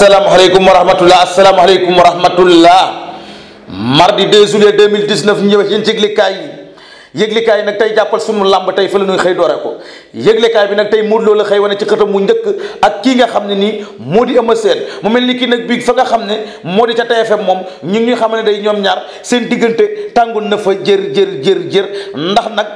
asalaamaaleykum wa rahmatulah asalaamaaleykum wa rahmatulah mardi 2 juillet 2019 ñëw yéen ci yëglikaay yi yëglikaay yi nag tey jàppal sunu làmb tey fa la ñuy xëy doore ko yëglekaay bi nag tey Modou Lo la xëy wane ci xëtam mu njëkk ak kii nga xam ne nii moo di Eumeu Sène mu mel ni kii nag bii fa nga xam ne moo di ca TFM moom ñu ngi ñuy ne day ñoom ñaar seen diggante tàngul na fa jër jër jër jër ndax nag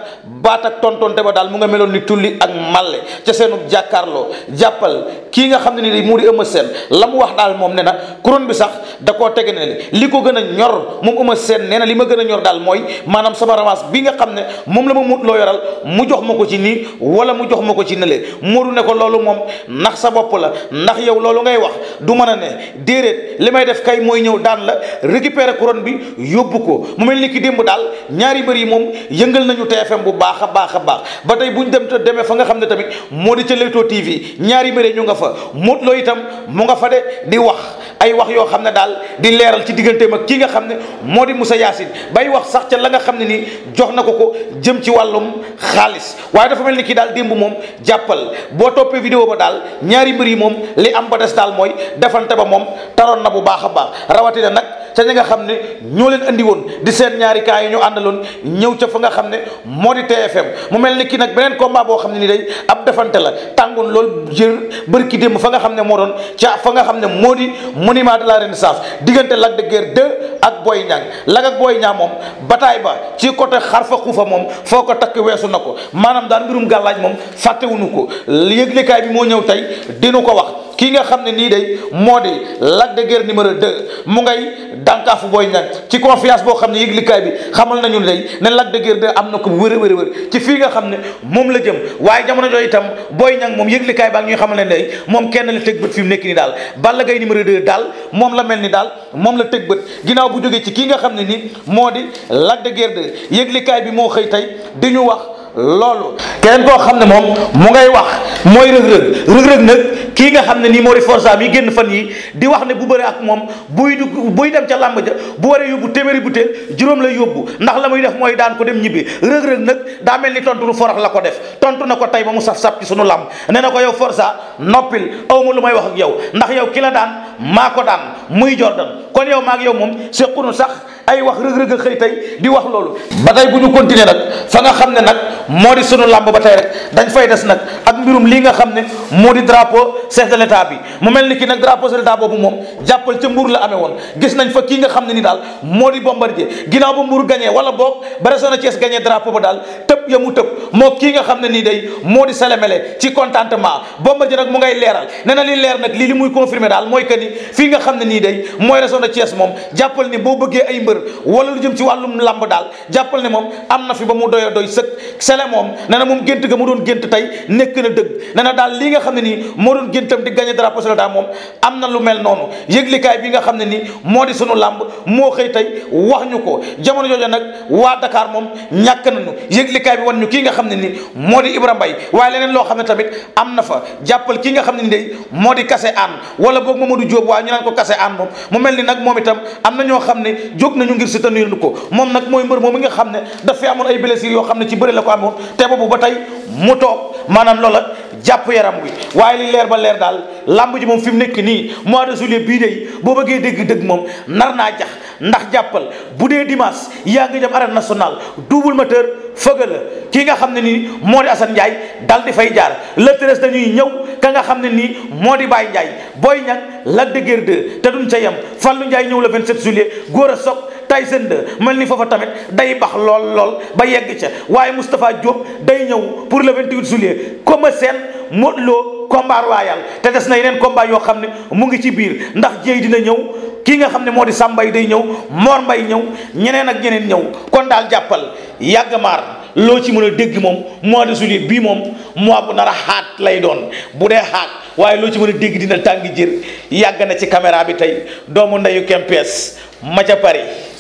baat ak tontonte daal mu nga meloon ni tulli ak màlle ca seenub jàkkaarloo jàppal kii nga xam ne nii moo di Eumeu Sène la mu wax daal moom ne na couronne bi sax da koo tege ne li ko gën a ñor moom Eumeu Sène nee na li ma gën a ñor daal mooy maanaam sama revanche nga xam ne moom la ma Modou Lo yoral mu jox ma ko ci nii wala mu jox ma ko ci nële Modou ne ko loolu moom ndax sa bopp la ndax yow loolu ngay wax du man a ne déedéet li may def kay mooy ñëw daan la récupérer couronne bi yóbbu ko mu mel ni ki démb daal ñaari mbër yi moom yëngal nañu TFM bu baax a baax a baax ba tey bu ñu dem te demee fa nga xam ne tamit moo di ca Leewtoo TV ñaari mbër ñu nga fa Modou Lo itam mu nga fa de di wax ay wax yoo xam ne daal di leeral ci digganteem ak kii nga xam ne moo di Moussa Yacine bay wax sax ca la nga xam ne ni jox na ko ko jëm ci wàllum xaalis waaye dafa mel ni kii daal démb moom jàppal boo toppee vidéo ba daal ñaari mbir yi moom li am ba des mooy defante ba moom taroon na bu baax a baax rawatina nag. ca ña nga xam ne ñoo leen indiwoon di seen ñaari kaa yi ñu àndaloon ñëw ca fa nga xam ne moo di TFM mu mel ni kii nag beneen combat boo xam ne nii day ab defante la tàngoon lool jër bëri ki démb fa nga xam ne moo doon ca fa nga xam ne moo di monument de la renaissance diggante Lac de Guiers ak Boy Niang Lac ak Boy Niang moom bataay ba ci côté xar fa xuufa moom foo ko takk weesu na ko maanaam daan mbirum gàllaaj moom fàttewuñu ko yëglekaay bi moo ñëw tey dina ko wax kii nga xam ne nii day moo di Lac de Guiers numéro 2 mu ngay dànkaafu booy ñang ci confiance boo xam ne yëglikaay bi xamal nañu lay ne Lac de Guiers am na ko wër wër wër ci fii nga xam ne moom la jëm waaye jamono jooju itam booy ñang moom yëglikaay baa ngi ñuy xamal moom kenn la teg bët fi mu nekk ni daal Balla Gaye numéro daal moom la mel ni daal moom la teg bët ginnaaw bu jógee ci kii nga xam ne ni moo di Lac de Guiers yëglikaay bi moo xëy tey di ñu wax loolu keneen koo xam ne moom mu ngay wax mooy rëg-rëg rëg-rëg nag kii nga xam ne nii moo di Forza mi génn fan yi di wax ne bu bëre ak moom buy du buy dem ca làmb ja bu waree yóbbu téeméeri butéel juróom lay yóbbu ndax la muy def mooy daan ko dem ñibbi rëg-rëg nag daa mel ni tontu lu forox la ko def tontu na ko tey ba mu saf-saf ci sunu làmb nee na ko yow Forza noppil awma lu may wax ak yow ndax yow ki la daan maa ko daan muy Jordan kon yow maak yow moom sequnu sax ay wax rëg-rëg a xëy tey di wax loolu ba tey bu ñu continuer nag fa nga xam ne nag moo di sunu làmb ba tey rek dañ fay des nag ak mbirum lii nga xam ne moo di drapeau chef de l'état bi mu mel ni kii nag drapeau chef de l'état boobu moom jàppal ca mbuur la amee woon gis nañ fa kii nga xam ne ni daal moo di bombardier ginnaaw ba mbuur gañee wala boog ba resona Thiès gagné drapeau ba daal tëb ya mu tëb moo kii nga xam ne nii day moo di salemele ci contentement bomba ji nag mu ngay leeral nee na li leer nag lii li muy confirmer daal mooy que ni fii nga xam ne nii day mooy raison de Thiès moom jàppal ni boo ay mbër wala lu jëm ci wàllum lamb daal jàppal ne moom am na fi ba mu doy a doy sëkk moom nee na moom gént ga mu doon gént tey nekk na dëgg nee na daal lii nga xam ne nii moo doon géntam di gagné drapeau daal moom am na lu mel noonu yëglikaay bi nga xam ne nii moo di sunu làmb moo xëy tey wax ñu ko jamono jooju nag waa dakaar moom ñàkk yéenekaay bi wan ñu kii nga xam ne ni moo di Ibra Mbaye waaye leneen loo xam ne tamit am na fa jàppal kii nga xam ne ni day moo di kase aan wala boog Mamadou Diop waaye ñu naan ko kase aan moom mu mel ni nag moom itam am na ñoo xam ne jóg nañu ngir soutenir ko moom nag mooy mbër moom mi nga xam ne dafa amoon ay blessures yoo xam ne ci bëri la ko amoon te boobu ba tey mu toog maanaam loola jàpp yaram wi waaye li leer ba leer daal lamb ji moom fi mu nekk nii mois de juillet bii day boo bëggee dégg moom nar naa jax ndax jàppal bu dee dimanche yaa ngi dem arène nationale double moteur fëgga la kii nga xam ne nii moo di Assane Ndiaye dal di fay jaar le treize dañuy ñëw ka nga xam ne nii moo di bàyyi Ndiaye booy Niang la de Guiers 2 te duñ ca yem Fallou Ndiaye ñëw le 27 juillet góor a soog Tyson 2 mel ni foofa tamit day bax lool lool ba yegg ca waaye Moustapha Diop day ñëw pour le 28 juillet comme seen Modou Lo combat royal te des na yeneen combat yoo xam ne mu ngi ci biir ndax jéey dina ñëw kii nga xam ne moo di sàmbay day ñëw moor mbay ñëw ñeneen ak ñeneen ñëw kon daal jàppal yàgg maar loo ci mën a dégg moom mois de juillet bii moom mois bu nar a xaat lay doon bu dee xaat waaye loo ci mën a dégg dina tàng jër yàgg na ci caméra bi tey doomu ndeyu kempees ma ca Paris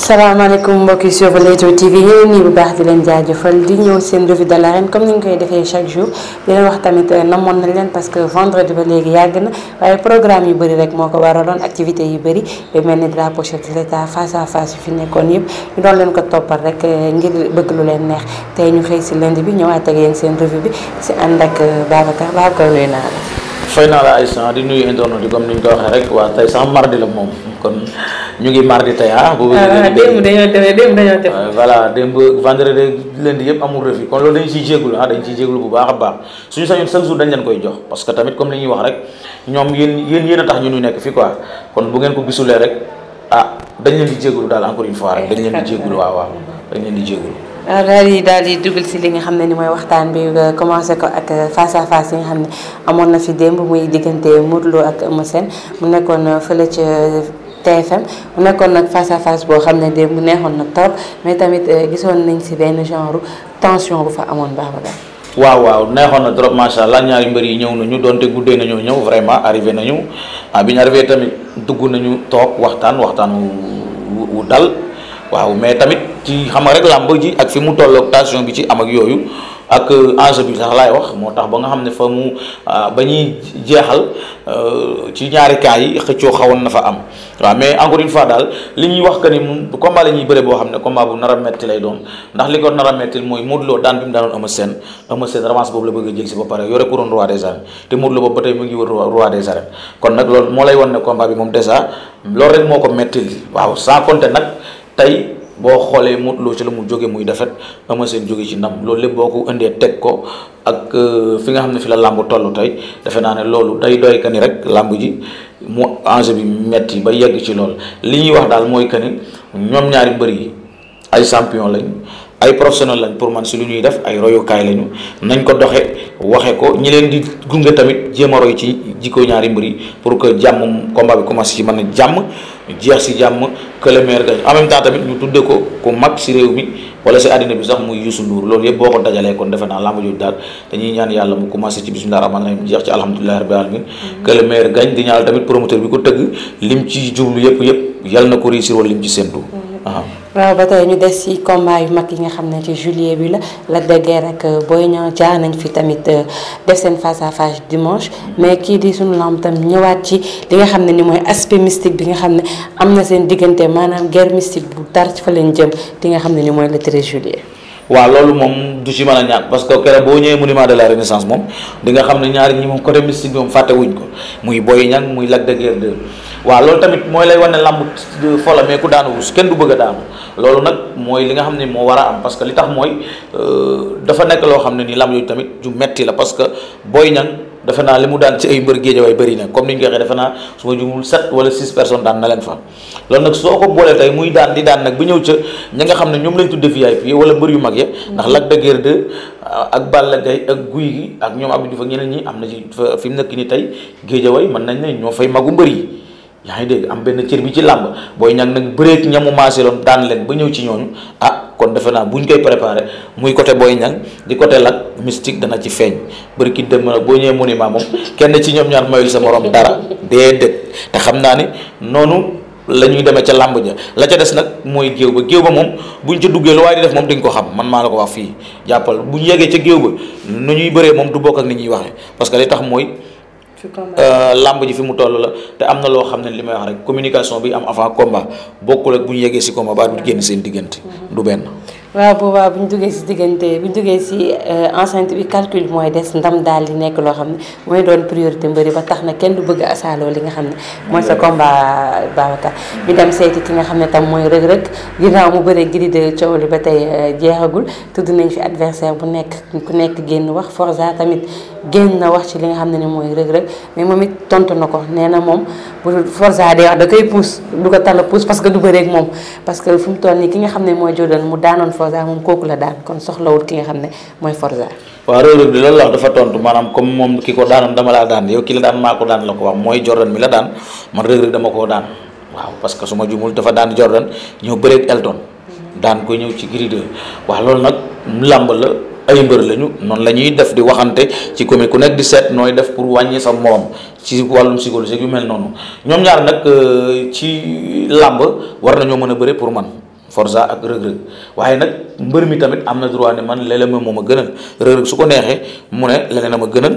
salaamaaleykum mbokk yi sur Leewtoo TV yéen nii bu baax di leen jaajëfal di ñëw seen revue de l'arène comme ni ñu koy defee chaque jour di leen wax tamit euh, namoon na leen parce que vendredi ba léegi yàgg na waaye programme yu bëri rek moo ko war doon activité yu bëri ba mel ni drapeau chef de l'état face à face yu fi nekkoon yëpp ñu doon leen ko toppal rek euh, ngir bëgg lu leen neex tey ñu xëy si lundi bi ñëwaat ak yéen seen revue bi si ànd ak euh, Babacar Babacar nuyu naa la. fay naa la di nuyu internet sax mardi la moom. kon ñu ngi mardi tey ah. boobu ah, démb dañoo demee démb dañoo def. voilà démb vendredi lundi yëpp amul refus kon loolu dañ ciy jégalu ah dañ ciy jégalu bu baax a baax suñu sañoon chaque jour dañ leen koy jox parce que tamit comme li ñuy wax rek ñoom yéen yéen yéen a tax ñu ñu nekk fii quoi kon bu ngeen ko gisulee rek ah dañ leen di jégalu daal encore une fois rek dañ leen di jégalu waaw waaw dañ leen di jégalu. daal di daal di dugal si li nga xam ne ni mooy waxtaan bi commencé ko ak face à face yi nga xam ne amoon na fi démb muy diggante Modou Lo ak Eumeu Sène mu nekkoon fële ca. TFM mu nekkoon nag face à face boo xam ne de mu neexoon na trop mais tamit euh, gisoon nañ si benn genre tension bu fa amoon Babacar. waaw waaw neexoon na trop macha allah ñaari mbër yi ñëw nañu doonte guddee nañoo ñëw vraiment arrivé nañu ah bi ñu arrivé tamit dugg nañu toog waxtaan waxtaan wu wu dal waaw mais tamit ci xam nga rek làmb ji ak fi mu toll ak tension bi ci am ak yooyu. ak enjeu bi sax laay wax moo tax ba nga xam ne fa mu ah, ba ñuy jeexal euh, ci ñaari cas yi xëccoo xawoon na fa am waaw mais encore une daal li ñuy wax que ni moom combat la ñuy bëre boo xam ne combat bu nar a metti lay doon ndax li ko nar a metti mooy Modou Lo daan bi mu daanoon Eumeu Sène Eumeu Sène revanche boobu la bëgg a jël si ba pare yore couronne roi des arènes te Modou Lo boobu ba tey mu ngi wër roi des arènes kon nag loolu moo lay wan ne combat bi moom déjà loolu rek moo ko metti waaw sans boo xoolee Modou loo ci la mu jóge muy defet ma seen jóge ci ndam loolu lépp boo ko indee teg ko ak euh, fi nga xam ne fi la làmb toll tey defe naa ne loolu day doy ka ni rek làmb ji mu enjeu bi metti ba yegg ci lool li ñuy wax daal mooy que ni ñoom ñaari mbër yi ay champion lañ ay professionnel lañ pour man si lu ñuy def ay royukaay lañu nañ ko doxe waxe ko ñi leen di gunge tamit jéem a roy ci jikko ñaari mbër yi pour que jàmm combat bi commence ci mën a jàmm jeex que le meilleur gagne tamit ñu tudde ko ku mag si réew mi wala si àddina bi sax muy Youssou Ndour loolu yëpp boo ko dajalee kon defe naa làmb jooju daal dañuy ñaan yàlla mu commencé ci bismillah rahmaan rahim jeex ci alhamdulillahi rabbil alamin que le meilleur gagne di ñaan tamit promoteur bi ko tëgg lim ci jublu yëpp yëpp yal na ko réussir wala lim ci séntu waaw ba tey ñu des ci combat yu mag yi nga xam ne ci juillet bi la Lac de Guiers ak Boy Niang jaar nañ fi tamit euh, def seen face à face dimanche mais kii di suñu lamb tam ñëwaat ci li nga xam ne ni mooy aspect mystique bi nga xam ne am na seen diggante maanaam guerre mystique bu tar fa leen jëm li nga xam ne ni mooy le 13 juillet. waaw loolu moom du ci mën a ñàkk parce que boo ñëwee mu monument de la renaissance moom di nga xam ne ñaari ñi moom côté mystique bi moom fàtte wuñ ko muy Boy muy Lac de waaw loolu tamit mooy lay wane làmb fola mais ku daanu wus kenn du bëgg a daanu loolu nag mooy li nga xam ne moo war a am parce que li tax mooy euh, dafa nekk loo xam ne nii làmb yooyu tamit ju metti la parce que Boy Niang defe naa li mu daan ci ay mbër géejawaay bëri na comme ni ñu ko defe naa su ma jumul sept wala six personnes na leen fa loolu nag soo ko boolee tey muy daan di daan nag bi ñëw ca ñi nga xam ne ñoom lañ tudde VIP wala mbër yu mag ya ndax Lac de Guiers euh, ak Balla Gaye ak Guy gi ak ñoom Abdou Diouf ak ñeneen ñi am na ci fi mu nekk nii tey géejawaay mën nañ ne ñoo fay magu mbër yi yaa ngi dégg am benn cër bi ci làmb booy ñan nag bëreeg ñamu loon daan leen ba ñëw ci ñooñu ah kon defe naa bu ñu koy préparé muy côté booy ñang di côté lak mystique dana ci feeñ bëri ki dem nag boo ñëwee monument moom kenn ci ñoom ñaar mayul sa morom dara déedéet te xam naa ni noonu la ñuy demee ca làmb ja la ca des nag mooy géew ba géew ba moom buñ ca duggee lu waaye di def moom dañ ko xam man maa la ko wax fii jàppal buñ yeggee ca géew ba nu ñuy bëree moom du bokk ak ni ñuy waxee parce que li tax mooy Euh, làmb ji fi mu toll la te am na loo xam ne li may wax rek communication bi am avant combat bokkul ak bu ñu yeggee si combat ba du génn diggante. Mhm. du benn. waaw boobaa bu ñu duggee si diggante bu ñu duggee si euh, enceinte bi calcul mooy des ndam daal di nekk loo xam ne mooy doon priorité mbëri ba tax na kenn du bëgg asaaloo li nga xam ne mooy sa combat Babacar ñu dem seeti ki nga xam ne tam mooy Reug Reug ginnaaw mu bëree Gris 2 li ba tey euh, jeexagul tudd nañ fi adversaire bu nekk ku nekk génn wax Forza tamit génn na wax ci li nga xam ne ni mooy Reug Reug mais moom it tontu na ko nee moom bu Forza day wax da koy pousse du ko tal pousse parce que du bëre ak moom parce que fu mu toll nii ki nga xam ne mooy Jordan mu daanoon Forza moom kooku la daan kon soxlawul ki nga xam ne mooy Forza. waaw Reug Reug di lan la wax dafa tontu maanaam comme moom ki ko daanoon dama laa daan yow ki la daan maa ko daan la ko wax mooy Jordan mi la daan man Reug Reug dama koo daan waaw parce que su ma jumul dafa daan Jordan ñëw bëreeg Elton daan ko ñëw ci Gris 2 waaw loolu nag làmb ay mbër lañu noonu la ñuy def di waxante ci commune ku nekk di seet nooy def pour wàññi sa morom ci wàllum psychologique yu mel noonu ñoom ñaar nag euh, ci làmb war nañoo mën a bëre pour man Forza ak rëg-rëg waaye nag mbër mi tamit am na droit ne man leneen moom a gënal rëg-rëg su ko neexee mu ne leneen a ma gënal.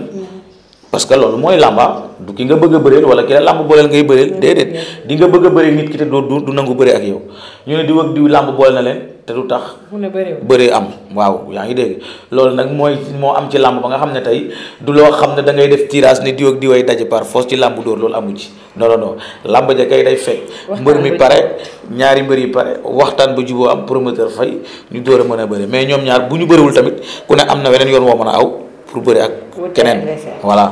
parce que loolu mooy làmba du ki nga bëgg a bëreel wala ki la làmb booleel ngay bëreel mm-hmm. déedéet di nga bëgg a bëree nit ki te doo du nangu bëri ak yow ñu ne di wëg làmb boole na leen te du tax bëree am waaw yaa ngi dégg loolu nag mooy moo am ci làmb ba nga xam ne tey du loo xam ne da ngay def tirage ne di wëg way daje par force ci làmb dóor loolu amu ci non non non làmb ja kay day fekk mbër mi pare ñaari mbër yi pare waxtaan ba juboo am promoteur fay ñu dóor a bëri mais ñoom ñaar bu ñu bëriwul tamit ku ne am na weneen yoon mën a aw pour bëri ak keneen voilà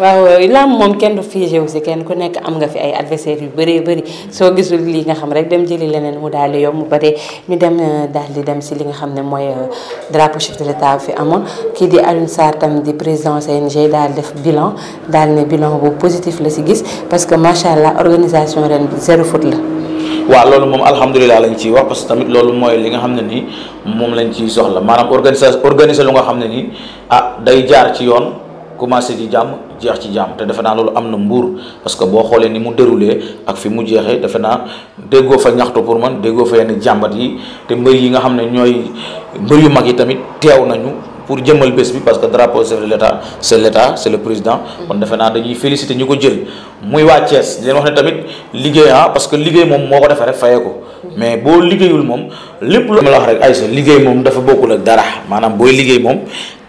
waaw làmb moom kenn du figé aussi kenn ku nekk am nga fi ay adversaires yu bëree bëri soo gisul li nga xam rek dem jëli leneen mu daal di yomb ba tey ñu dem euh, daal di dem si li nga xam ne mooy euh, drapeau chef de l'état fi amoon. kii di Alioune Sarr tam di président CNG daal def bilan daal ne bilan bu positif la si gis parce que macha allah organisation ren bi zéro faute la. waaw loolu moom alhamdulilah lañ ciy wax parce que tamit loolu mooy li nga xam ne moom lañ ciy soxla maanaam organiser xam ne nii. ah day jaar ci yoon commencé ci jàmm jeex ci jàmm te defe naa loolu am na mbuur parce que boo xoolee ni mu déroulé ak fi mu jeexee defe naa déggoo fa ñaxtu pour man déggoo fa yenn jàmbat yi te mbër yi nga xam ne ñooy mbër yu mag yi tamit teew nañu pour jëmmal bés bi parce que drapeau chef de l'état c'est l'état c'est le président kon defe naa dañuy féliciter ñu ko jël muy waa Thiès di leen wax ne tamit liggéey ah parce que liggéey moom moo ko defee rek fayee ko mais boo liggéeyul moom lépp lu ma wax rek ay sa liggéey moom dafa bokkul ak dara maanaam booy liggéey moom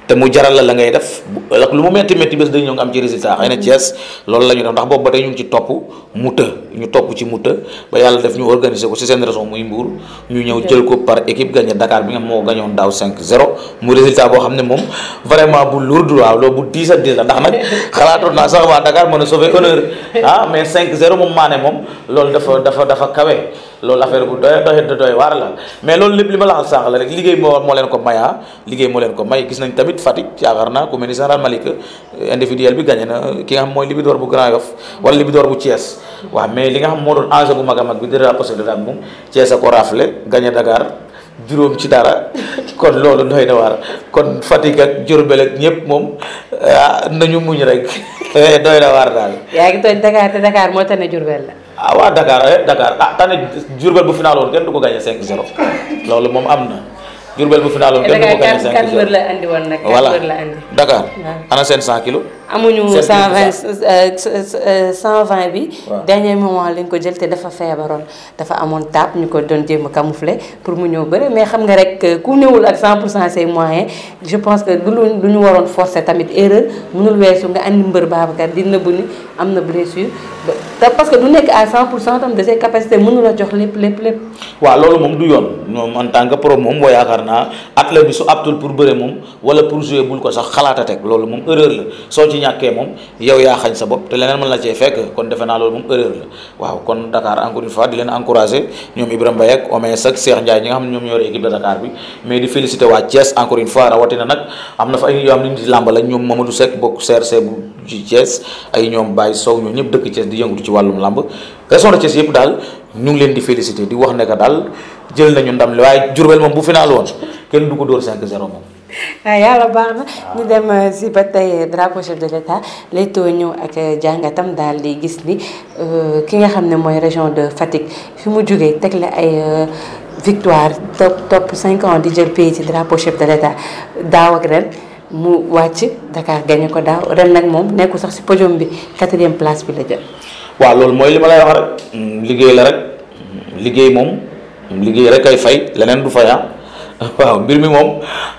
te mu jaral la la ngay def ak lu mu metti metti bés dañu ñëw nga am ci résultat xëy na Thiès loolu la ñu ndax boobu ba tey ñu ci topp mu ñu topp ci mu ba yàlla def ñu organiser ko si seen raison muy Mbour ñu ñëw jël ko par équipe gagné Dakar bi nga moo gañoon daaw 5-0 mu résultat boo xam ne moom vraiment bu lourd waaw loolu bu diis ak diis la ndax nag xalaatoon naa sax waa Dakar mën a sauver honneur ah, mais 5-0 moom maa moom loolu dafa dafa dafa kawe loolu ma la wax sànq la rek liggéey moo moo leen ko maya ah. liggéey moo leen ko may général Malick euh, individuel bi gagné na ki nga xam mooy Libidor bu Grand Yoff wala Libidor bu Thiès waaw mais li nga xam moo doon enjeu bu mag a mag bi di rapproché de moom Thiès a ko rafle gagné juróom ci dara kon loolu doy na waar kon Fatick ak Diourbel ak ñëpp moom euh, nañu muñ rek doy na waar daal. yaa ngi tooñ Dakar te Dakar moo tane Diourbel la. ah waa Dakar eh, Dakar ah tane Diourbel bu final woon kenn du ko gagné 5-0 loolu moom Diourbel bu final am kenn du ko gagné 5 eh, kilos la andi woon nag voilà Dakar ah. ana seen 100 kilos amuñu cent vingt euh, euh, euh, cent vingt bi dernier moment lañ ko jël te dafa feebaroon dafa amoon taab ñu ko doon jéem a camoufler pour mu ñëw bëre mais xam nga rek ku néewul ak cent pour cent ses moyens je pense que du lu ñu waroon forcer tamit erreur mënul weesu nga andi mbër Babacar di nëbbu ni am na blessure parce que du nekk à cent pour cent tam de ses capacités mënul a jox lépp lépp lépp waaw loolu moom du yoon moom en tant que pro moom boo yaakaar naa athlète bi pour bëre moom wala pour jouer bul ko sax xalaat a teg loolu moom erreur la ñàkkee moom yow yaa xañ sa bopp te leneen mën la cee fekk kon defe naa loolu moom erreur la waaw kon Dakar encore une fois di leen encouragé ñoom Ibrahima Mbaye ak Omes ak Cheikh Ndiaye ñi nga xam ne ñoom ñoo équipe am na fa ay yoo xam ne di làmb la ñoom Mamadou Seck bokk CRC bu ci Thiès ay ñoom Baye Sow ñoom dëkk Thiès di yëngatu ci wàllum làmb région de Thiès yëpp daal ñu ngi leen di félicité di wax ne que daal jël nañu ndam li waaye Diourbel moom bu final woon kenn du ko dóor 5-0 waaw ah, yàlla baax na ah. ñu dem euh, si ba tey drapeau chef de l'État Leewtoo ñëw ak euh, jàngatam daal di gis ni euh, ki nga xam ne mooy région de Fatick fi mu jógee teg la ay victoire topp topp cinq ans di jël pays ci drapeau chef de l'État daaw ak ren mu wàcc Dakar gagné ko daaw ren nag moom nekkul sax si pojom bi quatrième place bi la jël. waaw loolu mooy li ma lay wax rek mm, liggéey la rek mm, liggéey moom mm, liggéey rek ay fay leneen du fay ah. waaw mbir mi moom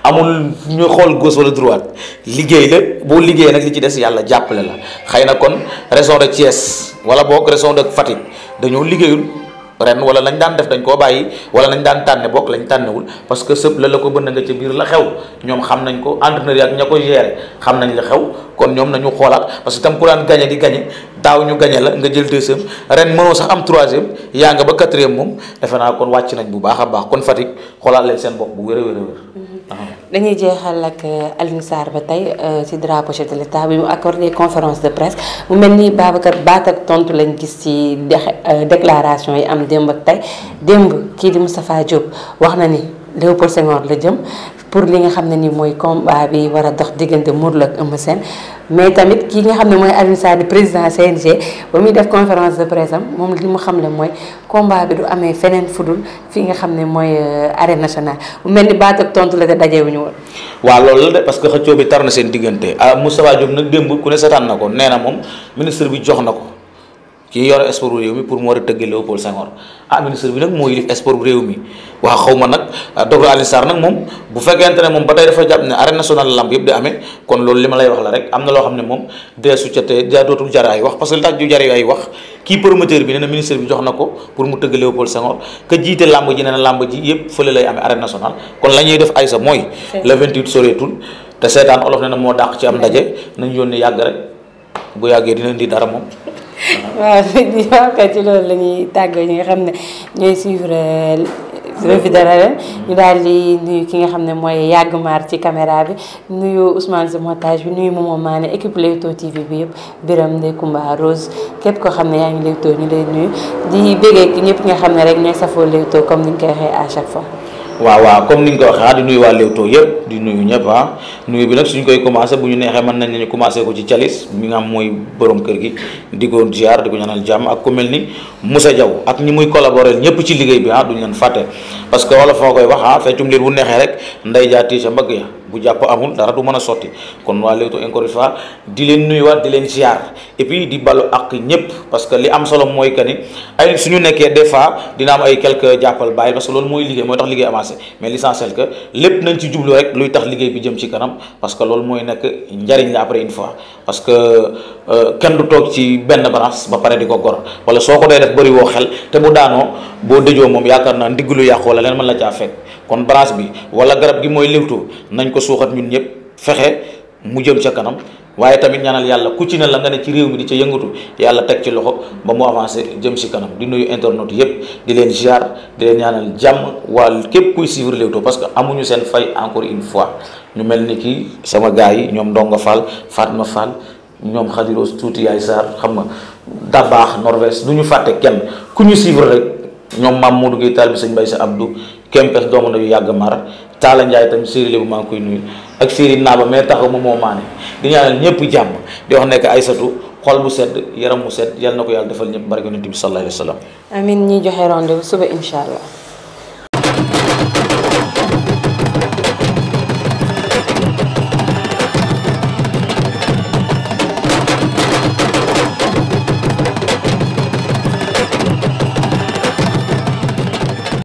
amul ñu xool gauche wala droite liggéey la boo liggéey nag li ci des yàlla jàppale la xëy na kon région de Thiès wala boog région de Fatick dañoo liggéeyul. ren wala lañ daan def dañ koo bàyyi wala lañ daan tànne bokk lañ tànnewul parce que sëb la la ko bënn nga ca biir la xew ñoom xam nañ ko entraîneur yi ak ña ko géré xam nañ la xew kon ñoom nañu xoolaat parce que tam ku daan gañe di gañe taaw ñu gañe la nga jël deuxième ren mënoo sax am troisième yaa nga ba quatrième moom defe naa kon wàcc nañ bu baax a baax kon Fatick xoolaat leen seen bopp bu wér a wér a wér dañuy jeexal ak euh, Alioune Sarr ba tey euh, ci drapeau chef de l'État bi mu accordé conférence de presse mu mel ni Babacar baat tontu lañ gis ci euh, déclaration yi am démb ak tey démb kii di Moustapha Diop wax na ni Léopold Senghor la jëm pour li nga xam ne ni mooy combat bi war a dox diggante Modou Lo ak Eumeu Sène mais tamit ki nga xam ne mooy Alioune Sarr di président CNG ba muy def conférence de presse moom li mu xam ne mooy combat bi du amee feneen fudul fii nga xam ne mooy euh, arène nationale mu mel ni baat tontu la te dajewuñu woon. waaw loolu la de parce que xëccoo bi tar na seen diggante ah Moustapha Diop nag démb ku ne seetaan na ko nee na moom ministre bi jox na ko. kii yore sport bu réew mi pour mu war a tëgg Léopold Senghor ah ministre bi nag moo yilif sport bu réew mi waaw xaw ma ah, moom bu fekkente ne moom ba tey dafa jàpp ne arène nationale lamb yëpp di amee kon li ma lay wax la rek am na loo xam ne moom deesu ca ay wax parce que li jar ay wax kii promoteur bi nee na bi jox na ko pour mu tëgg Léopold Senghor que jiite lamb ji nee na lamb ji yëpp fële lay amee arène nationale kon def ay sa mooy le 28 soreetul te seetaan olof ne na moo dàq ci am ndaje nañ yónni yàgg rek bu yàggee dina indi dara moom waaw waaw ci loolu lañuy ñuy ñi nga xam ne ñooy suivre euh, revue de l'arène ñu daal di nuyu ki nga xam ne mooy yàgg maar ci caméra bi nuyu Ousmane si montage bi nuyu Momo Mané équipe Leewtoo TV bi yëpp Biram Ndeye Kumba Rose képp koo xam ne yaa ngi Leewtoo ñu lay nuyu di béggee ñëpp nga xam ne rek ñooy safoo Leewtoo comme ni ñu koy waxee à chaque fois. waaw waaw comme ñu ko waxee ah, di nuyu waa Leewtoo yëpp di nuyu ñëpp ah nuyu bi nag suñ koy commencé bu ñu neexee mën nañ lañu commencé ko ci calis mi nga am mooy borom kër gi di ko ziar di ko ñaanal jàmm ak ku mel ni Moussa Diaw ak ñi muy collaborer ñëpp ci liggéey bi ah duñ leen fàtte parce que wala foo koy wax ah feccum liir bu neexee rek nday jaati sa mbagg ya bu jàpp amul dara du mën a sotti kon waa Leewtoo encore une fois di leen nuyuwaat di leen ziar et puis di balu ak ñëpp parce que li am solo mooy que ni ay suñu nekkee des dina am ay quelques jàppal bàyyi parce que loolu mooy liggéey mooy tax liggéey avancé mais l'essentiel que lépp nañ ci jublu rek luy tax liggéey bi jëm ci kanam parce que loolu mooy nekk njariñ la après fois parce que euh, kenn du toog ci benn branche ba pare di ko gor wala soo ko dee def bëri woo xel te bu daanoo boo dëjoo moom yaakaar naa ndigg lu yàqu wala leen mën ko suuxat ñun ñëpp fexe mu jëm ca kanam waaye tamit ñaanal yàlla ku ci ne la nga ne ci réew mi di ca yëngatu yàlla teg ci loxo ba mu avancé jëm si kanam di nuyu internet yépp di leen ziar di leen ñaanal jàmm waa képp kuy suivre Leewtoo parce que amuñu seen fay encore une fois ñu mel ni kii sama gars yi ñoom Ndongo Fall Fatma Fall ñoom Khadiros tuuti yaay Sarr xam na da baax Norvège du ñu fàtte kenn ku ñu suivre rek ñoom Mamadou Gueye Tall bi Kempes doomu na yu yàgg mar Talla Ndiaye tamit Siri maa ngi koy nuyu ak Siri Naaba mais taxaw ma moo maane di ñaanal ñëpp jàmm di wax nekk Aysatu xol bu sedd yaram mu sedd yal na ko yàlla defal ñëpp barke yonent bi sallallahu alayhi wa sallam. ñi joxe rendez suba incha allah.